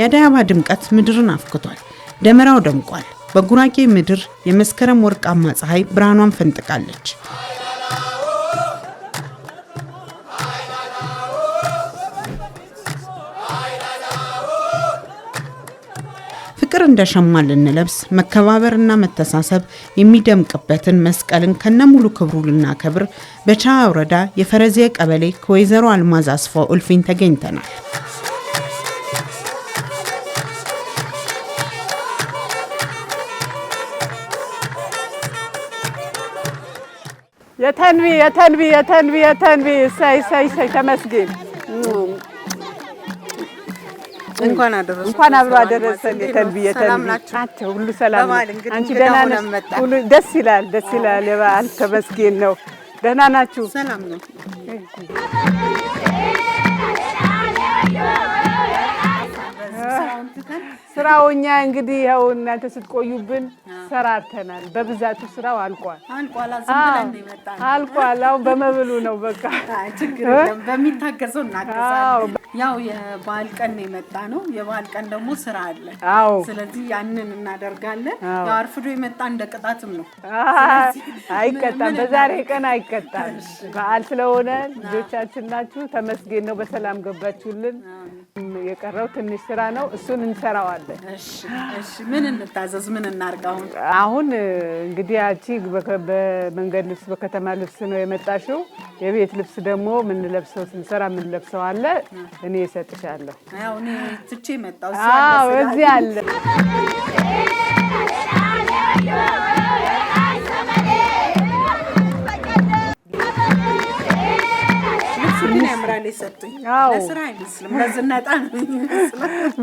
የአዳያባ ድምቀት ምድርን አፍክቷል። ደመራው ደምቋል። በጉራጌ ምድር የመስከረም ወርቃማ ፀሐይ ብርሃኗን ፈንጥቃለች። ፍቅር እንደ ሸማ ልንለብስ መከባበርና መተሳሰብ የሚደምቅበትን መስቀልን ከነሙሉ ክብሩ ልናከብር በቻ ወረዳ የፈረዚየ ቀበሌ ከወይዘሮ አልማዝ አስፋው እልፍኝ ተገኝተናል። የተንቢ የተንቢ የተንቢ የተንቢ እሰይ እሰይ እሰይ ተመስገን። እንኳን አደረሰ እንኳን አብሮ አደረሰን። የተንቢ የተንቢ ናቸው ሁሉ ሰላም። አንቺ ደህና ነሽ? ሁሉ ደስ ይላል ደስ ይላል። የበዓል ተመስገን ነው። ደህና ናችሁ? ሰላም ነው። ስራው እኛ እንግዲህ ይኸው እናንተ ስትቆዩብን ሰራርተናል። በብዛቱ ስራው አልቋል አልቋል። አሁን በመብሉ ነው በቃ ችግር የለም። በሚታገዘው እናገዛለን። ያው የበዓል ቀን ነው የመጣ ነው። የበዓል ቀን ደግሞ ስራ አለ። አዎ፣ ስለዚህ ያንን እናደርጋለን። ያው አርፍዶ የመጣ እንደ ቅጣትም ነው። አይቀጣም፣ በዛሬ ቀን አይቀጣም። በዓል ስለሆነ ልጆቻችን ናችሁ። ተመስገን ነው። በሰላም ገባችሁልን። የቀረው ትንሽ ስራ ነው። እሱን እንሰራዋለን። ምን እንታዘዝ? ምን እናድርግ? አሁን እንግዲህ አንቺ በመንገድ ልብስ በከተማ ልብስ ነው የመጣሽው። የቤት ልብስ ደግሞ ምንለብሰው ስንሰራ የምንለብሰው አለ። እኔ እሰጥሻለሁ። ትቼ መጣሁ። እዚህ አለ ለስራ ላይ ሰጡኝ። አይመስልም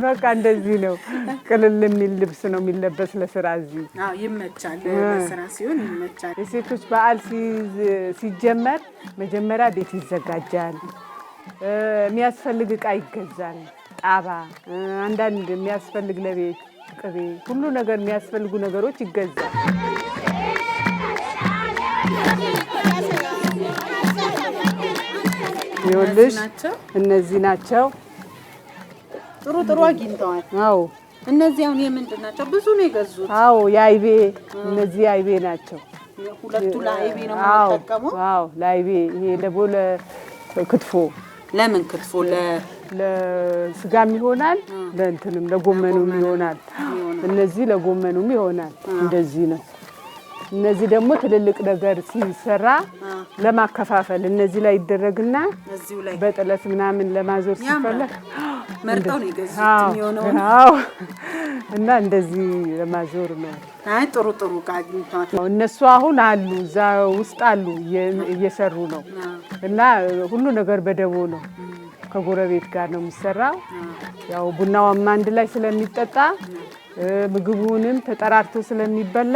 ነው በቃ እንደዚህ ነው። ቅልል የሚል ልብስ ነው የሚለበስ ለስራ እዚህ ይመቻል። ለስራ ሲሆን ይመቻል። የሴቶች በዓል ሲጀመር መጀመሪያ ቤት ይዘጋጃል። የሚያስፈልግ እቃ ይገዛል። ጣባ፣ አንዳንድ የሚያስፈልግ ለቤት ቅቤ፣ ሁሉ ነገር የሚያስፈልጉ ነገሮች ይገዛል። ይኸውልሽ እነዚህ ናቸው። ጥሩ ጥሩ አግኝተዋል። አዎ እነዚህ አሁን የምንድን ናቸው? ብዙ ነው የገዙት። አዎ የአይቤ እነዚህ አይቤ ናቸው። ሁለቱ ለአይቤ ነው የምንጠቀመው። አዎ ለአይቤ። ይሄ ደግሞ ለክትፎ ለምን ክትፎ ለስጋም ይሆናል፣ ለእንትንም ለጎመኑም ይሆናል። እነዚህ ለጎመኑም ይሆናል። እንደዚህ ነው እነዚህ ደግሞ ትልልቅ ነገር ሲሰራ ለማከፋፈል እነዚህ ላይ ይደረግና በጥለት ምናምን ለማዞር ሲፈለግ መርጠው ነው የገዙት እና እንደዚህ ለማዞር ነው። አይ ጥሩ ጥሩ እነሱ አሁን አሉ እዛ ውስጥ አሉ እየሰሩ ነው። እና ሁሉ ነገር በደቦ ነው ከጎረቤት ጋር ነው የሚሰራው። ያው ቡናውም አንድ ላይ ስለሚጠጣ ምግቡንም ተጠራርቶ ስለሚበላ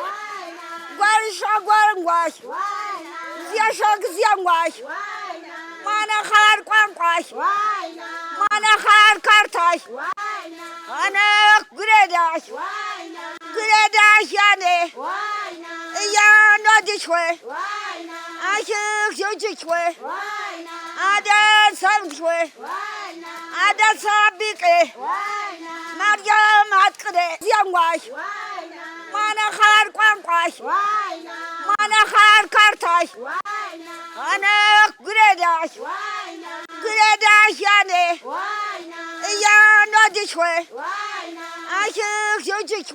Gwarisha gwangwash. Zia shag zia ngwash. Mana khar kwangwash. Mana khar kartash. Ana gredash. Gredash yane. Ya ne no dichwe. Ashik yo dichwe. Ada sam dichwe. Ada sabike. Maryam hatkre zia ngwash. ማነ ኻያድ ቋንቋሽ ማነ ኻያድ ካርታሽ አነ ያኔ እያንዳንድሽ አሽክ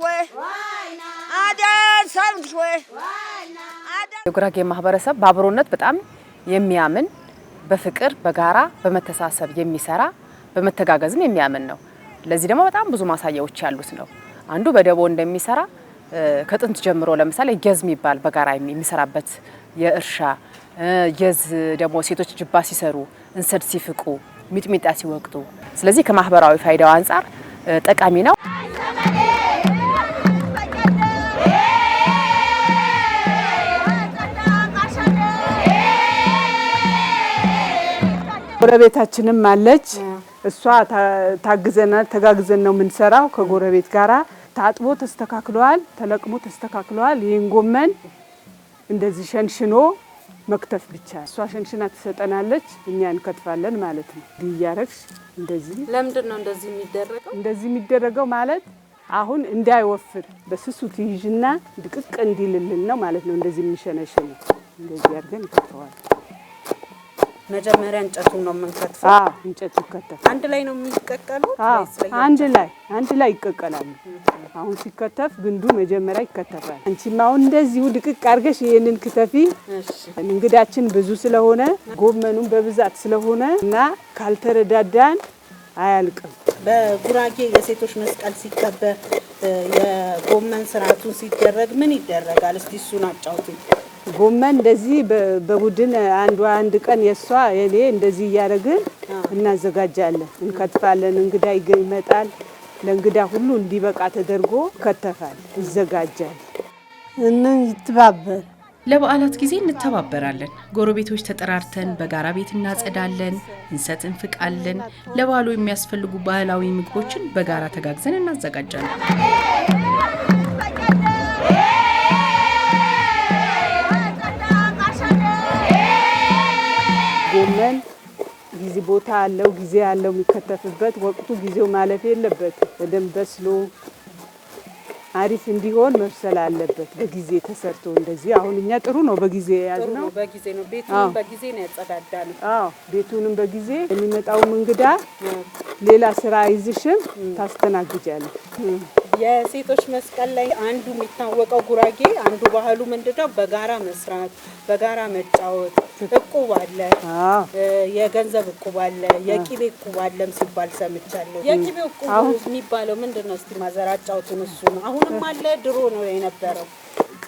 አደን የጉራጌ ማህበረሰብ በአብሮነት በጣም የሚያምን በፍቅር በጋራ በመተሳሰብ የሚሰራ በመተጋገዝም የሚያምን ነው። ለዚህ ደግሞ በጣም ብዙ ማሳያዎች ያሉት ነው። አንዱ በደቦ እንደሚሰራ ከጥንት ጀምሮ ለምሳሌ ጌዝ የሚባል በጋራ የሚሰራበት የእርሻ ጌዝ ደግሞ ሴቶች ጅባ ሲሰሩ፣ እንሰድ ሲፍቁ፣ ሚጥሚጣ ሲወቅጡ፣ ስለዚህ ከማህበራዊ ፋይዳው አንጻር ጠቃሚ ነው። ጎረቤታችንም አለች። እሷ ታግዘናል። ተጋግዘን ነው የምንሰራው ከጎረቤት ጋራ ታጥቦ ተስተካክሏል፣ ተለቅሞ ተስተካክሏል። ይህን ጎመን እንደዚህ ሸንሽኖ መክተፍ ብቻ። እሷ ሸንሽና ትሰጠናለች፣ እኛ እንከትፋለን ማለት ነው። እንዲህ እያረግሽ እንደዚህ። ለምንድን ነው እንደዚህ የሚደረገው? እንደዚህ የሚደረገው ማለት አሁን እንዳይወፍር በስሱ ትይዥና ድቅቅ እንዲልልን ነው ማለት ነው። እንደዚህ የሚሸነሽኑ እንደዚህ አድርገን ይከተዋል። መጀመሪያ እንጨቱን ነው የምንከትፈው። እንጨቱ ይከተፋል። አንድ ላይ ነው የሚቀቀለው። አንድ ላይ አንድ ላይ ይቀቀላሉ። አሁን ሲከተፍ ግንዱ መጀመሪያ ይከተፋል። አንቺም አሁን እንደዚሁ ድቅቅ አድርገሽ ይህንን ክተፊ። እንግዳችን ብዙ ስለሆነ ጎመኑን በብዛት ስለሆነ እና ካልተረዳዳን አያልቅም። በጉራጌ የሴቶች መስቀል ሲከበር የጎመን ስርዓቱን ሲደረግ ምን ይደረጋል? እስቲ እሱን አጫውቱኝ። ጎመን እንደዚህ በቡድን አንዱ አንድ ቀን የእሷ የኔ እንደዚህ እያደረግን እናዘጋጃለን፣ እንከትፋለን። እንግዳ ይመጣል። ለእንግዳ ሁሉ እንዲበቃ ተደርጎ ይከተፋል፣ ይዘጋጃል። እንን ይተባበር ለበዓላት ጊዜ እንተባበራለን። ጎረቤቶች ተጠራርተን በጋራ ቤት እናጸዳለን፣ እንሰት እንፍቃለን። ለበዓሉ የሚያስፈልጉ ባህላዊ ምግቦችን በጋራ ተጋግዘን እናዘጋጃለን። ጎመን ጊዜ ቦታ አለው፣ ጊዜ አለው የሚከተፍበት ወቅቱ ጊዜው ማለፍ የለበት። በደንብ በስሎ አሪፍ እንዲሆን መብሰል አለበት በጊዜ ተሰርቶ እንደዚህ። አሁን እኛ ጥሩ ነው በጊዜ የያዝ ነው። ቤቱንም በጊዜ ነው ያጸዳዳነው። ቤቱንም በጊዜ የሚመጣውም እንግዳ ሌላ ስራ ይዝሽም ታስተናግጃለ። የሴቶች መስቀል ላይ አንዱ የሚታወቀው ጉራጌ አንዱ ባህሉ ምንድነው? በጋራ መስራት፣ በጋራ መጫወት እቁብ አለ፣ የገንዘብ እቁብ አለ፣ የቂቤ እቁብ አለም ሲባል ሰምቻለሁ። የቂቤ እቁብ የሚባለው ምንድን ነው? እስቲ ማዘር አጫውቱን። ነው አሁንም አለ? ድሮ ነው የነበረው?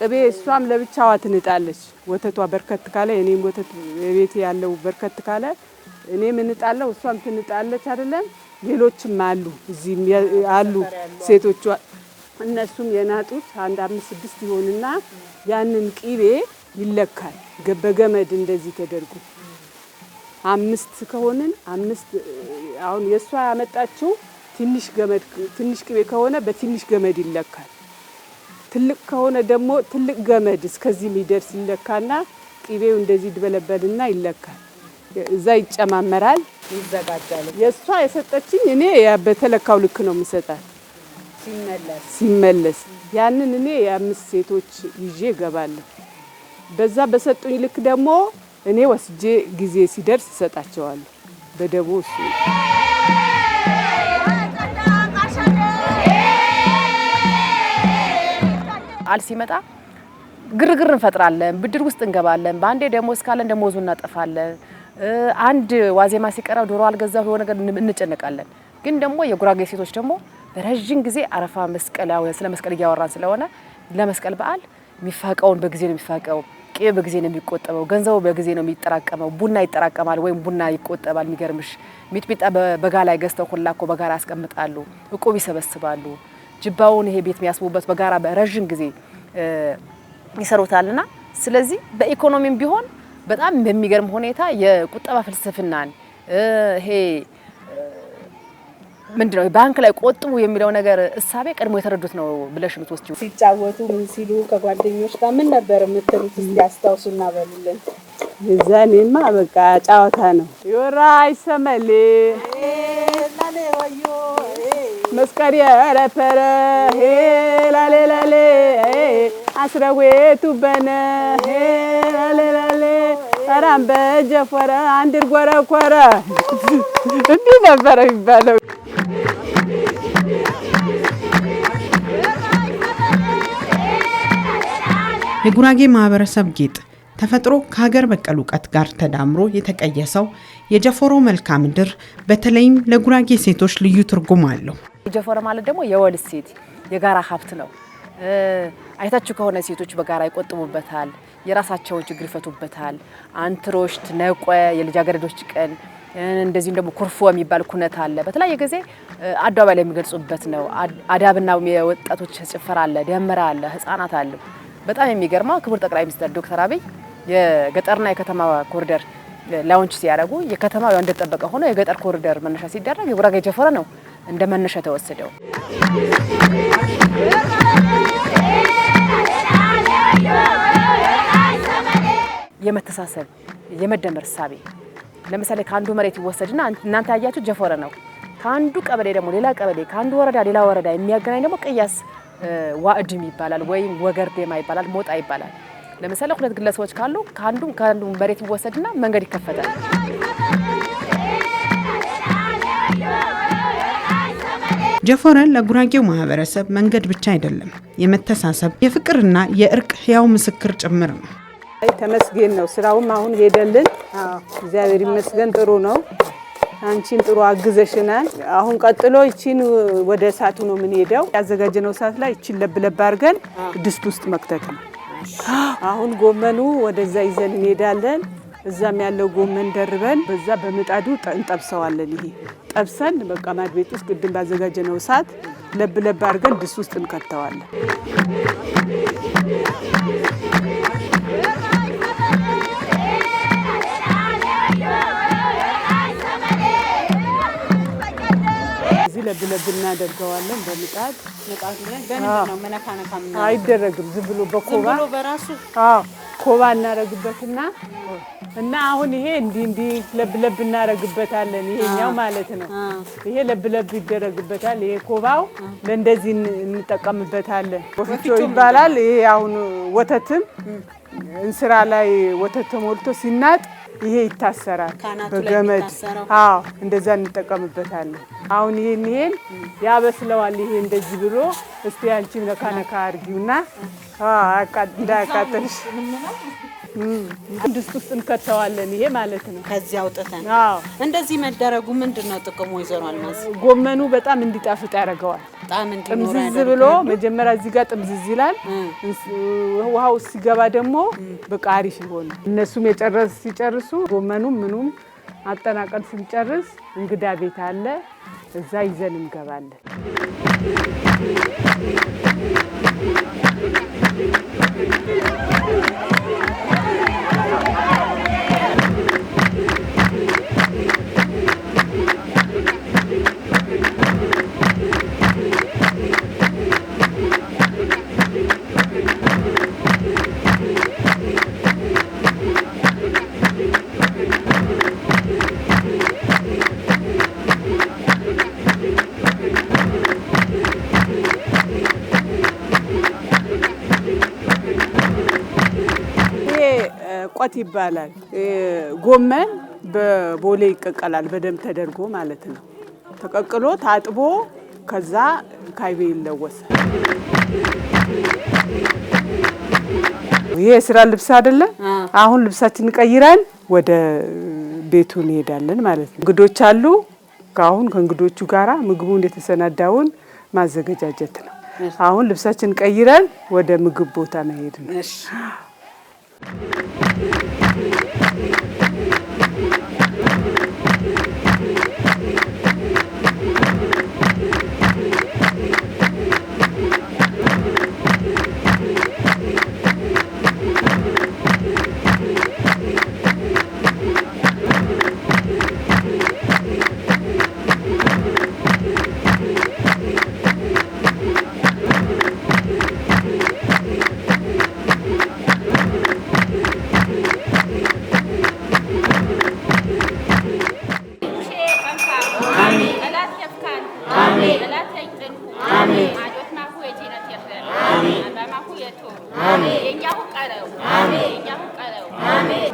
ቅቤ እሷም ለብቻዋ ትንጣለች። ወተቷ በርከት ካለ እኔም ወተት የቤት ያለው በርከት ካለ እኔ እንጣለው እሷም ትንጣለች። አይደለም ሌሎችም አሉ እዚህ አሉ ሴቶቿ እነሱም የናጡት አንድ አምስት ስድስት ይሆንና ያንን ቅቤ። ይለካል በገመድ እንደዚህ ተደርጎ አምስት ከሆንን አምስት አሁን የእሷ ያመጣችው ትንሽ ገመድ ትንሽ ቅቤ ከሆነ በትንሽ ገመድ ይለካል። ትልቅ ከሆነ ደግሞ ትልቅ ገመድ እስከዚህ የሚደርስ ይለካና ቅቤው እንደዚህ ይድበለበልና ይለካል። እዛ ይጨማመራል፣ ይዘጋጃል። የእሷ የሰጠችኝ እኔ በተለካው ልክ ነው የምሰጣት። ሲመለስ ሲመለስ ያንን እኔ የአምስት ሴቶች ይዤ እገባለሁ። በዛ በሰጡኝ ልክ ደግሞ እኔ ወስጄ ጊዜ ሲደርስ እሰጣቸዋለሁ። በደቦ እሱ አል ሲመጣ ግርግር እንፈጥራለን፣ ብድር ውስጥ እንገባለን። በአንዴ ደሞዝ ካለን ደሞዙ እናጠፋለን። አንድ ዋዜማ ሲቀረብ ዶሮ አልገዛ የሆነ ነገር እንጨነቃለን። ግን ደግሞ የጉራጌ ሴቶች ደግሞ ረዥም ጊዜ አረፋ መስቀል ስለ መስቀል እያወራን ስለሆነ ለመስቀል በዓል የሚፋቀውን በጊዜ ነው የሚፋቀው። ቅቤ በጊዜ ነው የሚቆጠበው፣ ገንዘቡ በጊዜ ነው የሚጠራቀመው። ቡና ይጠራቀማል ወይም ቡና ይቆጠባል። የሚገርምሽ ሚጥሚጣ በጋ ላይ ገዝተው ሁላ እኮ በጋራ ያስቀምጣሉ፣ እቁብ ይሰበስባሉ። ጅባውን ይሄ ቤት የሚያስቡበት በጋራ በረዥም ጊዜ ይሰሩታልና ስለዚህ በኢኮኖሚም ቢሆን በጣም በሚገርም ሁኔታ የቁጠባ ፍልስፍናን ይሄ ምንድነው ባንክ ላይ ቆጥቡ የሚለው ነገር እሳቤ ቀድሞ የተረዱት ነው ብለሽ ምትወስጂው? ሲጫወቱ ምን ሲሉ ከጓደኞች ጋር ምን ነበር የምትሉት? እስቲ አስታውሱ እና በሉልን። በቃ ጨዋታ ነው። ዮራ አይሰመሌ መስቀሪ ረፈረ ላሌላሌ አስረዌቱ በነ ላሌላሌ ራምበጀፎረ አንድር ጎረኮረ እንዲህ ነበረ የሚባለው። የጉራጌ ማህበረሰብ ጌጥ ተፈጥሮ ከሀገር በቀል እውቀት ጋር ተዳምሮ የተቀየሰው የጀፎሮ መልክዓ ምድር በተለይም ለጉራጌ ሴቶች ልዩ ትርጉም አለው። ጀፎሮ ማለት ደግሞ የወል ሴት የጋራ ሀብት ነው። አይታችሁ ከሆነ ሴቶች በጋራ ይቆጥቡበታል፣ የራሳቸውን ችግር ይፈቱበታል። አንትሮሽት፣ ነቆ፣ የልጃገረዶች ቀን እንደዚሁም ደግሞ ኩርፎ የሚባል ኩነት አለ። በተለያየ ጊዜ አደባባይ ላይ የሚገልጹበት ነው። አዳብና የወጣቶች ጭፈራ አለ፣ ደመራ አለ፣ ህጻናት አለ። በጣም የሚገርመው ክቡር ጠቅላይ ሚኒስትር ዶክተር አብይ የገጠርና የከተማ ኮሪደር ላውንች ሲያደርጉ የከተማው ያው እንደተጠበቀ ሆኖ የገጠር ኮሪደር መነሻ ሲደረግ የጉራጌ ጀፈረ ነው እንደ መነሻ ተወሰደው። የመተሳሰብ የመደመር እሳቤ ለምሳሌ ከአንዱ መሬት ይወሰድና እናንተ ያያችሁ ጀፈረ ነው። ከአንዱ ቀበሌ ደግሞ ሌላ ቀበሌ፣ ከአንዱ ወረዳ ሌላ ወረዳ የሚያገናኝ ደግሞ ቅያስ ዋእድም ይባላል ወይም ወገርዴማ ይባላል፣ ሞጣ ይባላል። ለምሳሌ ሁለት ግለሰቦች ካሉ ከአንዱ ከአንዱ መሬት ይወሰድና መንገድ ይከፈታል። ጀፎረ ለጉራጌው ማህበረሰብ መንገድ ብቻ አይደለም፣ የመተሳሰብ የፍቅርና የእርቅ ህያው ምስክር ጭምር ነው። ተመስገን ነው። ስራውም አሁን ሄደልን፣ እግዚአብሔር ይመስገን ጥሩ ነው። አንቺን ጥሩ አግዘሽናል። አሁን ቀጥሎ እቺን ወደ እሳቱ ነው የምንሄደው። ያዘጋጀነው እሳት ላይ እቺን ለብለብ አድርገን ድስት ውስጥ መክተት ነው። አሁን ጎመኑ ወደዛ ይዘን እንሄዳለን። እዛም ያለው ጎመን ደርበን በዛ በምጣዱ እንጠብሰዋለን። ይሄ ጠብሰን በቃ ማድ ቤት ውስጥ ቅድም ባዘጋጀነው እሳት ለብለብ ለብ አድርገን ድስት ውስጥ እንከተዋለን። እንደዚህ እናደርገዋለን በምጣድ አይደረግም። ዝም ብሎ በኮባ ኮባ እና አሁን ይሄ እንዲህ እንዲህ ለብ ለብ ይሄኛው ማለት ነው። ይሄ ለብ ለብ ይደረግበታል። ይሄ ኮባው ለእንደዚህ እንጠቀምበታለን። ወፍጮ ይባላል። ይሄ አሁን ወተትም እንስራ ላይ ወተት ተሞልቶ ሲናጥ ይሄ ይታሰራል በገመድ አዎ፣ እንደዛ እንጠቀምበታለን። አሁን ይሄን ይሄን ያበስለዋል። ይሄ እንደዚህ ብሎ እስቲ አንቺ ነካ ነካ አድርጊውና እንዳያቃጥልሽ አንድ ውስጥ ውስጥ እንከተዋለን። ይሄ ማለት ነው ከዚህ አውጥተን። አዎ እንደዚህ መደረጉ ምንድን ነው ጥቅሙ? ወይዘሮ አልማዝ ጎመኑ በጣም እንዲጣፍጥ ያደርገዋል። ጥምዝዝ ብሎ መጀመሪያ እዚህ ጋር ጥምዝዝ ይላል። ውሃው ሲገባ ደግሞ በቃ አሪፍ ይሆኑ። እነሱም የጨረስ ሲጨርሱ ጎመኑም ምኑም አጠናቀን ስንጨርስ እንግዳ ቤት አለ፣ እዛ ይዘን እንገባለን። ቆት ይባላል። ጎመን በቦሌ ይቀቀላል፣ በደንብ ተደርጎ ማለት ነው። ተቀቅሎ ታጥቦ ከዛ ካይቤ ይለወሳል። ይሄ የስራ ልብስ አይደለም። አሁን ልብሳችን ቀይረን ወደ ቤቱ እንሄዳለን ማለት ነው። እንግዶች አሉ። ከአሁን ከእንግዶቹ ጋር ምግቡ እንደተሰናዳውን ማዘገጃጀት ነው። አሁን ልብሳችን ቀይረን ወደ ምግብ ቦታ መሄድ ነው። Thank you.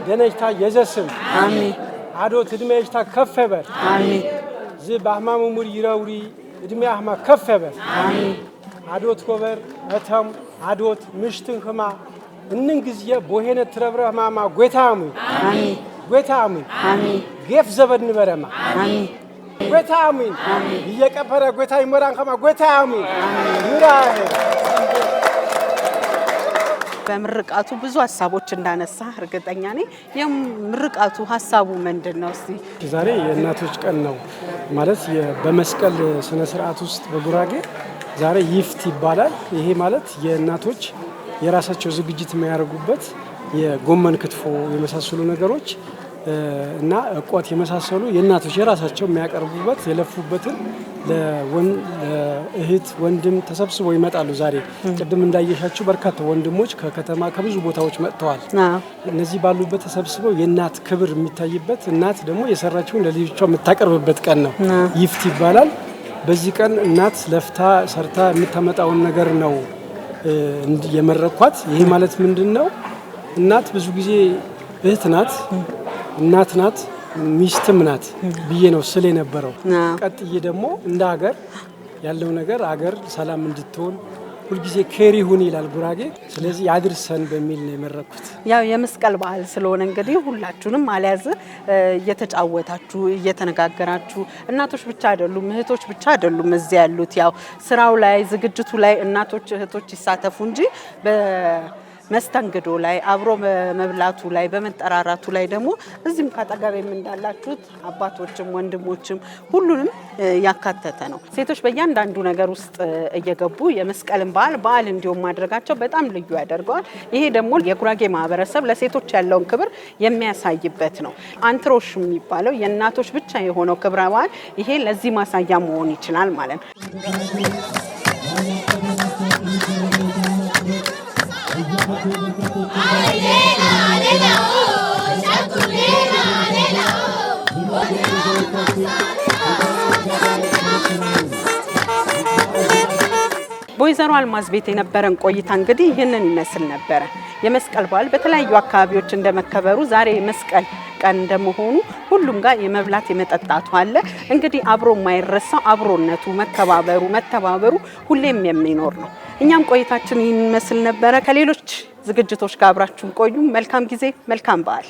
ደነጅታ የዘስም አዶት እድሜ እጅታ ከፈበር ዝ በአህማሙ ሙር ይረውሪ እድሜ አህማ ከፈበር አዶት ኮበር እተም አዶት ምሽትን ህማ እንን ጊዜ ቦሄነ ትረብረ ህማማ ጎይታ አሙይ ጎይታ አሙይ ጌፍ ዘበድ ንበረማ ጌታ እየቀበረ ይመራን ከማ በምርቃቱ ብዙ ሀሳቦች እንዳነሳ እርግጠኛ ነኝ። የምርቃቱ ሀሳቡ ምንድን ነው? እስቲ ዛሬ የእናቶች ቀን ነው ማለት በመስቀል ስነ ስርዓት ውስጥ በጉራጌ ዛሬ ይፍት ይባላል። ይሄ ማለት የእናቶች የራሳቸው ዝግጅት የሚያደርጉበት የጎመን ክትፎ የመሳሰሉ ነገሮች እና እቋት የመሳሰሉ የእናቶች የራሳቸው የሚያቀርቡበት የለፉበትን ለእህት ወንድም ተሰብስቦ ይመጣሉ። ዛሬ ቅድም እንዳየሻቸው በርካታ ወንድሞች ከከተማ ከብዙ ቦታዎች መጥተዋል። እነዚህ ባሉበት ተሰብስበው የእናት ክብር የሚታይበት እናት ደግሞ የሰራችውን ለልጆቿ የምታቀርብበት ቀን ነው። ይፍት ይባላል። በዚህ ቀን እናት ለፍታ ሰርታ የምታመጣውን ነገር ነው የመረኳት። ይሄ ማለት ምንድን ነው? እናት ብዙ ጊዜ እህት ናት። እናት ናት ሚስትም ናት ብዬ ነው ስል የነበረው። ቀጥዬ ደግሞ እንደ ሀገር ያለው ነገር አገር ሰላም እንድትሆን ሁልጊዜ ኬሪ ሁን ይላል ጉራጌ። ስለዚህ ያድርሰን በሚል ነው የመረኩት። ያው የመስቀል በዓል ስለሆነ እንግዲህ ሁላችሁንም አልያዝ እየተጫወታችሁ እየተነጋገራችሁ፣ እናቶች ብቻ አይደሉም እህቶች ብቻ አይደሉም እዚያ ያሉት ያው ስራው ላይ ዝግጅቱ ላይ እናቶች እህቶች ይሳተፉ እንጂ መስተንግዶ ላይ አብሮ መብላቱ ላይ በመጠራራቱ ላይ ደግሞ እዚህም ካጠገቤም እንዳላችሁት አባቶችም ወንድሞችም ሁሉንም ያካተተ ነው። ሴቶች በእያንዳንዱ ነገር ውስጥ እየገቡ የመስቀልን በዓል በዓል እንዲሁም ማድረጋቸው በጣም ልዩ ያደርገዋል። ይሄ ደግሞ የጉራጌ ማህበረሰብ ለሴቶች ያለውን ክብር የሚያሳይበት ነው። አንትሮሽ የሚባለው የእናቶች ብቻ የሆነው ክብረ በዓል ይሄ ለዚህ ማሳያ መሆን ይችላል ማለት ነው። ወይዘሮ አልማዝ ቤት የነበረን ቆይታ እንግዲህ ይህንን ይመስል ነበረ። የመስቀል በዓል በተለያዩ አካባቢዎች እንደመከበሩ ዛሬ የመስቀል ቀን እንደመሆኑ ሁሉም ጋር የመብላት የመጠጣቱ አለ። እንግዲህ አብሮ የማይረሳው አብሮነቱ፣ መከባበሩ፣ መተባበሩ ሁሌም የሚኖር ነው። እኛም ቆይታችን ይህን ይመስል ነበረ። ከሌሎች ዝግጅቶች ጋር አብራችሁን ቆዩ። መልካም ጊዜ፣ መልካም በዓል።